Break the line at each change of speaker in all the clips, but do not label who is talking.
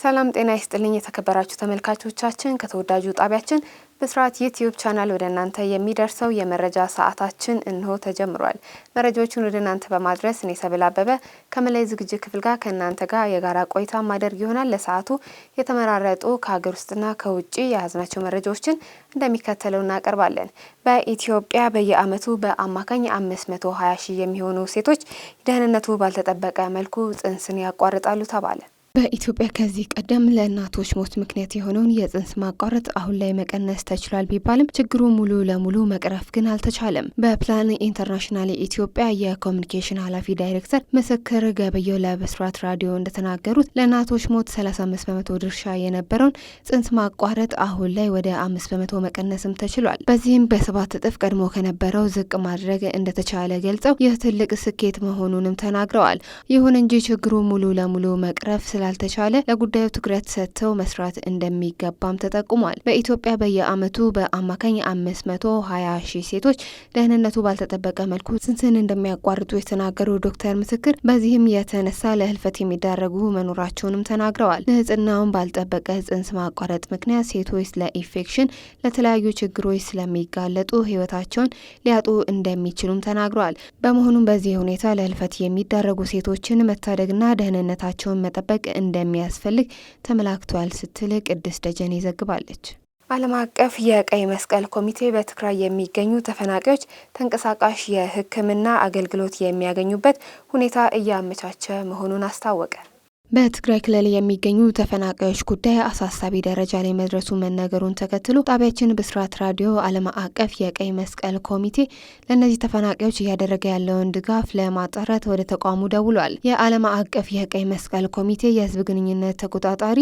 ሰላም ጤና ይስጥልኝ የተከበራችሁ ተመልካቾቻችን፣ ከተወዳጁ ጣቢያችን ብስራት ዩትዩብ ቻናል ወደ እናንተ የሚደርሰው የመረጃ ሰዓታችን እንሆ ተጀምሯል። መረጃዎቹን ወደ እናንተ በማድረስ እኔ ሰብል አበበ ከመላይ ዝግጅት ክፍል ጋር ከእናንተ ጋር የጋራ ቆይታ ማደርግ ይሆናል። ለሰዓቱ የተመራረጡ ከሀገር ውስጥና ከውጭ የያዝናቸው መረጃዎችን እንደሚከተለው እናቀርባለን። በኢትዮጵያ በየአመቱ በአማካኝ 520 ሺህ የሚሆኑ ሴቶች ደህንነቱ ባልተጠበቀ መልኩ ጽንስን ያቋርጣሉ ተባለ።
በኢትዮጵያ ከዚህ ቀደም ለእናቶች ሞት ምክንያት የሆነውን የጽንስ ማቋረጥ አሁን ላይ መቀነስ ተችሏል ቢባልም ችግሩ ሙሉ ለሙሉ መቅረፍ ግን አልተቻለም። በፕላን ኢንተርናሽናል የኢትዮጵያ የኮሚኒኬሽን ኃላፊ ዳይሬክተር ምስክር ገበየው ለብስራት ራዲዮ እንደተናገሩት ለእናቶች ሞት 35 በመቶ ድርሻ የነበረውን ጽንስ ማቋረጥ አሁን ላይ ወደ አምስት በመቶ መቀነስም ተችሏል። በዚህም በሰባት እጥፍ ቀድሞ ከነበረው ዝቅ ማድረግ እንደተቻለ ገልጸው ይህ ትልቅ ስኬት መሆኑንም ተናግረዋል። ይሁን እንጂ ችግሩ ሙሉ ለሙሉ መቅረፍ ስላ ስላልተቻለ ለጉዳዩ ትኩረት ሰጥተው መስራት እንደሚገባም ተጠቁሟል። በኢትዮጵያ በየዓመቱ በአማካኝ አምስት መቶ ሀያ ሺህ ሴቶች ደህንነቱ ባልተጠበቀ መልኩ ጽንስን እንደሚያቋርጡ የተናገሩ ዶክተር ምስክር በዚህም የተነሳ ለህልፈት የሚዳረጉ መኖራቸውንም ተናግረዋል። ንጽህናውን ባልጠበቀ ጽንስ ማቋረጥ ምክንያት ሴቶች ለኢንፌክሽን፣ ለተለያዩ ችግሮች ስለሚጋለጡ ህይወታቸውን ሊያጡ እንደሚችሉም ተናግረዋል። በመሆኑም በዚህ ሁኔታ ለህልፈት የሚዳረጉ ሴቶችን መታደግና ደህንነታቸውን መጠበቅ እንደሚያስፈልግ ተመላክቷል ስትል ቅድስት ደጀኔ ዘግባለች።
ዓለም አቀፍ የቀይ መስቀል ኮሚቴ በትግራይ የሚገኙ ተፈናቃዮች ተንቀሳቃሽ የሕክምና አገልግሎት የሚያገኙበት ሁኔታ እያመቻቸ መሆኑን አስታወቀ።
በትግራይ ክልል የሚገኙ ተፈናቃዮች ጉዳይ አሳሳቢ ደረጃ ላይ መድረሱ መነገሩን ተከትሎ ጣቢያችን ብስራት ራዲዮ ዓለም አቀፍ የቀይ መስቀል ኮሚቴ ለእነዚህ ተፈናቃዮች እያደረገ ያለውን ድጋፍ ለማጣራት ወደ ተቋሙ ደውሏል። የዓለም አቀፍ የቀይ መስቀል ኮሚቴ የህዝብ ግንኙነት ተቆጣጣሪ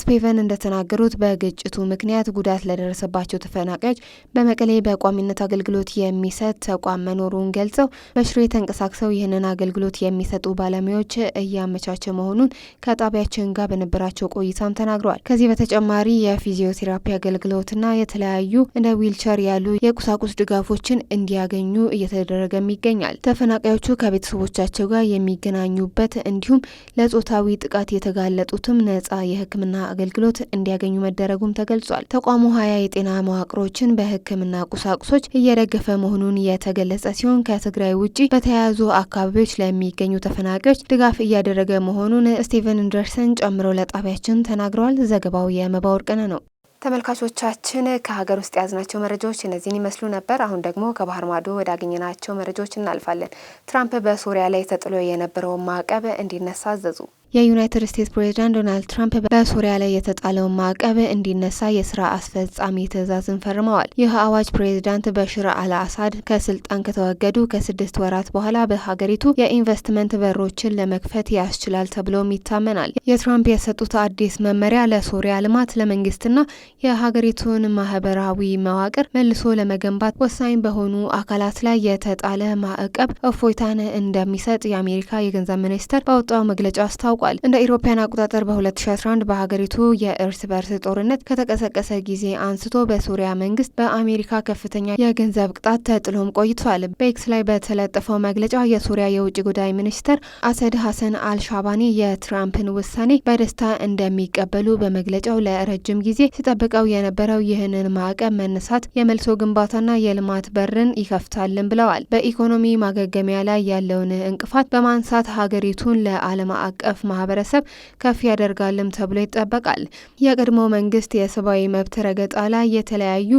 ስፔቨን እንደተናገሩት በግጭቱ ምክንያት ጉዳት ለደረሰባቸው ተፈናቃዮች በመቀሌ በቋሚነት አገልግሎት የሚሰጥ ተቋም መኖሩን ገልጸው በሽሬ ተንቀሳቅሰው ይህንን አገልግሎት የሚሰጡ ባለሙያዎች እያመቻቸ መሆኑን ከጣቢያችን ጋር በነበራቸው ቆይታም ተናግረዋል። ከዚህ በተጨማሪ የፊዚዮቴራፒ አገልግሎትና የተለያዩ እንደ ዊልቸር ያሉ የቁሳቁስ ድጋፎችን እንዲያገኙ እየተደረገም ይገኛል። ተፈናቃዮቹ ከቤተሰቦቻቸው ጋር የሚገናኙበት እንዲሁም ለጾታዊ ጥቃት የተጋለጡትም ነጻ የሕክምና አገልግሎት እንዲያገኙ መደረጉም ተገልጿል። ተቋሙ ሀያ የጤና መዋቅሮችን በሕክምና ቁሳቁሶች እየደገፈ መሆኑን የተገለጸ ሲሆን ከትግራይ ውጪ በተያያዙ አካባቢዎች ለሚገኙ ተፈናቃዮች ድጋፍ እያደረገ መሆኑን ስቴ ስቲቨን እንደርሰን ጨምሮ ለጣቢያችን ተናግረዋል። ዘገባው የመባ ወርቅነ ነው።
ተመልካቾቻችን ከሀገር ውስጥ የያዝናቸው መረጃዎች እነዚህን ይመስሉ ነበር። አሁን ደግሞ ከባህር ማዶ ወዳገኘናቸው መረጃዎች እናልፋለን። ትራምፕ በሶሪያ ላይ ተጥሎ የነበረውን ማዕቀብ እንዲነሳ አዘዙ።
የዩናይትድ ስቴትስ ፕሬዚዳንት ዶናልድ ትራምፕ በሶሪያ ላይ የተጣለውን ማዕቀብ እንዲነሳ የስራ አስፈጻሚ ትእዛዝን ፈርመዋል። ይህ አዋጅ ፕሬዚዳንት በሽር አል አሳድ ከስልጣን ከተወገዱ ከስድስት ወራት በኋላ በሀገሪቱ የኢንቨስትመንት በሮችን ለመክፈት ያስችላል ተብሎም ይታመናል። የትራምፕ የሰጡት አዲስ መመሪያ ለሶሪያ ልማት፣ ለመንግስትና የሀገሪቱን ማህበራዊ መዋቅር መልሶ ለመገንባት ወሳኝ በሆኑ አካላት ላይ የተጣለ ማዕቀብ እፎይታን እንደሚሰጥ የአሜሪካ የገንዘብ ሚኒስቴር ባወጣው መግለጫ አስታውቋል። አስታውቋል። እንደ ኢሮፓያን አቆጣጠር በ2011 በሀገሪቱ የእርስ በርስ ጦርነት ከተቀሰቀሰ ጊዜ አንስቶ በሱሪያ መንግስት በአሜሪካ ከፍተኛ የገንዘብ ቅጣት ተጥሎም ቆይቷል። በኤክስ ላይ በተለጠፈው መግለጫ የሱሪያ የውጭ ጉዳይ ሚኒስትር አሰድ ሀሰን አልሻባኒ የትራምፕን ውሳኔ በደስታ እንደሚቀበሉ በመግለጫው ለረጅም ጊዜ ሲጠብቀው የነበረው ይህንን ማዕቀብ መነሳት የመልሶ ግንባታና የልማት በርን ይከፍታልን ብለዋል። በኢኮኖሚ ማገገሚያ ላይ ያለውን እንቅፋት በማንሳት ሀገሪቱን ለዓለም አቀፍ ማህበረሰብ ከፍ ያደርጋልም ተብሎ ይጠበቃል። የቀድሞ መንግስት የሰብአዊ መብት ረገጣ ላይ የተለያዩ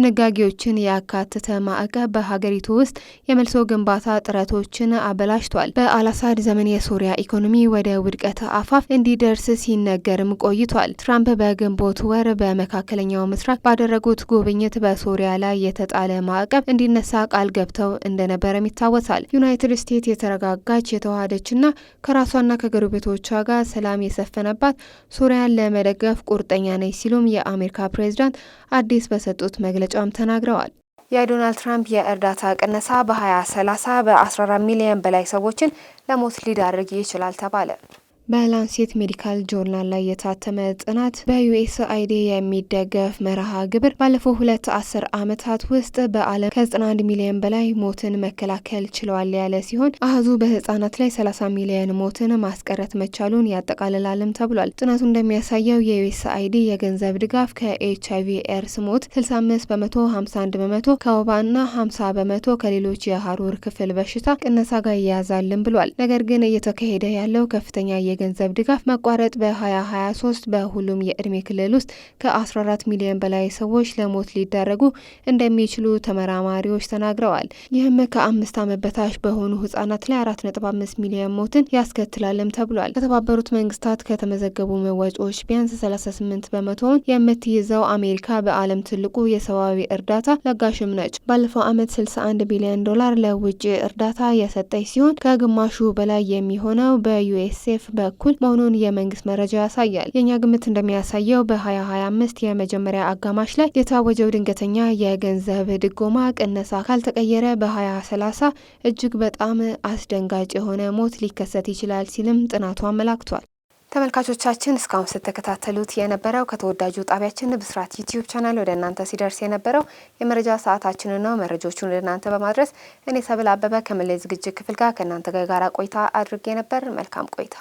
ድንጋጌዎችን ያካተተ ማዕቀብ በሀገሪቱ ውስጥ የመልሶ ግንባታ ጥረቶችን አበላሽቷል። በአላሳድ ዘመን የሶሪያ ኢኮኖሚ ወደ ውድቀት አፋፍ እንዲደርስ ሲነገርም ቆይቷል። ትራምፕ በግንቦት ወር በመካከለኛው ምስራቅ ባደረጉት ጉብኝት በሶሪያ ላይ የተጣለ ማዕቀብ እንዲነሳ ቃል ገብተው እንደነበረም ይታወሳል። ዩናይትድ ስቴትስ የተረጋጋች የተዋሃደችና ከራሷና ቤቶች ከአጋሮቿ ጋር ሰላም የሰፈነባት ሶሪያን ለመደገፍ ቁርጠኛ ነች ሲሉም የአሜሪካ ፕሬዚዳንት አዲስ በሰጡት መግለጫም ተናግረዋል።
የዶናልድ ትራምፕ የእርዳታ ቅነሳ በ2030 በ14 ሚሊዮን በላይ ሰዎችን ለሞት ሊዳርግ ይችላል ተባለ።
በላንሴት ሜዲካል ጆርናል ላይ የታተመ ጥናት በዩኤስ አይዲ የሚደገፍ መርሃ ግብር ባለፈው ሁለት አስር ዓመታት ውስጥ በዓለም ከ91 ሚሊዮን በላይ ሞትን መከላከል ችለዋል ያለ ሲሆን አህዙ በህጻናት ላይ 30 ሚሊዮን ሞትን ማስቀረት መቻሉን ያጠቃልላልም ተብሏል። ጥናቱ እንደሚያሳየው የዩኤስ አይዲ የገንዘብ ድጋፍ ከኤች አይቪ ኤርስ ሞት 65 በመቶ፣ 51 በመቶ ከወባና 50 በመቶ ከሌሎች የሀሩር ክፍል በሽታ ቅነሳ ጋር ይያያዛልም ብሏል። ነገር ግን እየተካሄደ ያለው ከፍተኛ የገንዘብ ድጋፍ መቋረጥ በ2023 በሁሉም የእድሜ ክልል ውስጥ ከ14 ሚሊዮን በላይ ሰዎች ለሞት ሊዳረጉ እንደሚችሉ ተመራማሪዎች ተናግረዋል። ይህም ከአምስት ዓመት በታች በሆኑ ህጻናት ላይ 4.5 ሚሊዮን ሞትን ያስከትላልም ተብሏል። ከተባበሩት መንግስታት ከተመዘገቡ መዋጮዎች ቢያንስ 38 በመቶውን የምትይዘው አሜሪካ በዓለም ትልቁ የሰብአዊ እርዳታ ለጋሽም ነች። ባለፈው ዓመት 61 ቢሊዮን ዶላር ለውጭ እርዳታ የሰጠች ሲሆን ከግማሹ በላይ የሚሆነው በዩኤስኤፍ በኩል መሆኑን የመንግስት መረጃ ያሳያል። የእኛ ግምት እንደሚያሳየው በ2025 የመጀመሪያ አጋማሽ ላይ የተዋወጀው ድንገተኛ የገንዘብ ድጎማ ቅነሳ ካልተቀየረ በ2030 እጅግ በጣም አስደንጋጭ የሆነ ሞት ሊከሰት ይችላል ሲልም ጥናቱ አመላክቷል።
ተመልካቾቻችን እስካሁን ስትከታተሉት የነበረው ከተወዳጁ ጣቢያችን ብስራት ዩቲዩብ ቻናል ወደ እናንተ ሲደርስ የነበረው የመረጃ ሰዓታችንን ነው። መረጃዎቹን ወደ እናንተ በማድረስ እኔ ሰብል አበበ ከመለይ ዝግጅት ክፍል ጋር ከእናንተ ጋር ቆይታ አድርጌ ነበር። መልካም ቆይታ